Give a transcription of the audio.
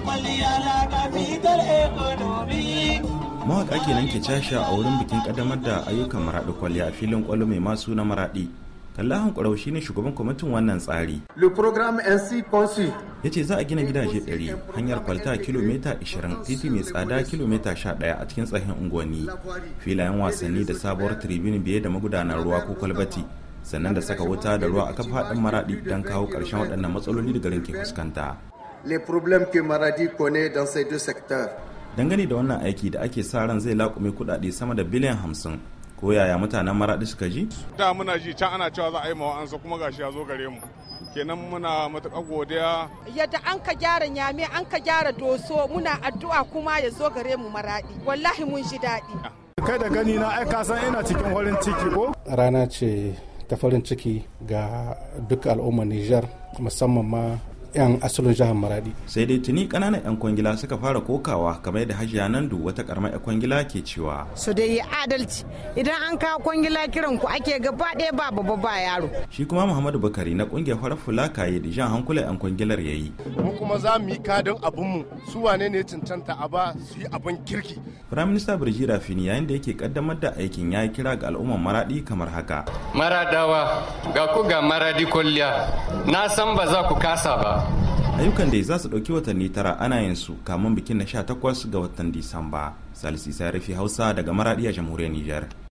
kwalliya na Mawaƙa kenan ke casha a wurin bikin ƙaddamar da ayyukan maraɗi kwalliya a filin ƙwallo mai masu na maraɗi. Kallahan Ƙwarau ne shugaban kwamitin wannan tsari. Le programme ainsi conçu. Ya ce za a gina gidaje ɗari hanyar kwalta kilomita 20 titi mai tsada kilomita 11 a cikin tsahin unguwanni filayen wasanni da sabuwar tribune biye da magudanar ruwa ko kwalbati sannan da saka wuta da ruwa a kafa haɗin maraɗi don kawo ƙarshen waɗannan matsaloli da garin ke fuskanta. les problèmes que Maradi connaît dans ces deux secteurs. Dangane da wannan aiki da ake sa ran zai laƙume kudade sama da biliyan hamsin ko yaya mutanen Maradi suka ji? Da muna ji can ana cewa za a yi mawa ansa kuma gashi ya zo gare mu. kenan muna matuƙar godiya yadda an ka gyara nyame an ka gyara doso muna addu'a kuma ya zo gare mu maradi wallahi mun ji daɗi kai da gani na ai san ina cikin farin ciki ko rana ce ta farin ciki ga duka al'ummar Nijar musamman ma 'yan asalin jihar maradi sai dai tuni kananan 'yan kwangila suka fara kokawa kamar da hajiya nandu wata karamar 'yan kwangila ke cewa su da yi adalci idan an kawo kwangila kiran ku ake gaba ɗaya ba babba ba yaro shi kuma muhammadu bakari na kungiyar farar fulaka ya jan hankulan 'yan kwangilar yayi. mu kuma za mu yi kadin abinmu su wane ne cancanta a ba su yi abin kirki firayim minista birji rafini yayin da yake kaddamar da aikin ya yi kira ga al'ummar maradi kamar haka maradawa ga ku ga maradi kwalliya na san ba za ku kasa ba ayyukan da za su ɗauki watanni tara ana yin su kamun bikin na 18 ga watan disamba salisu isa rufe hausa daga maraɗi a jamhuriyar nijar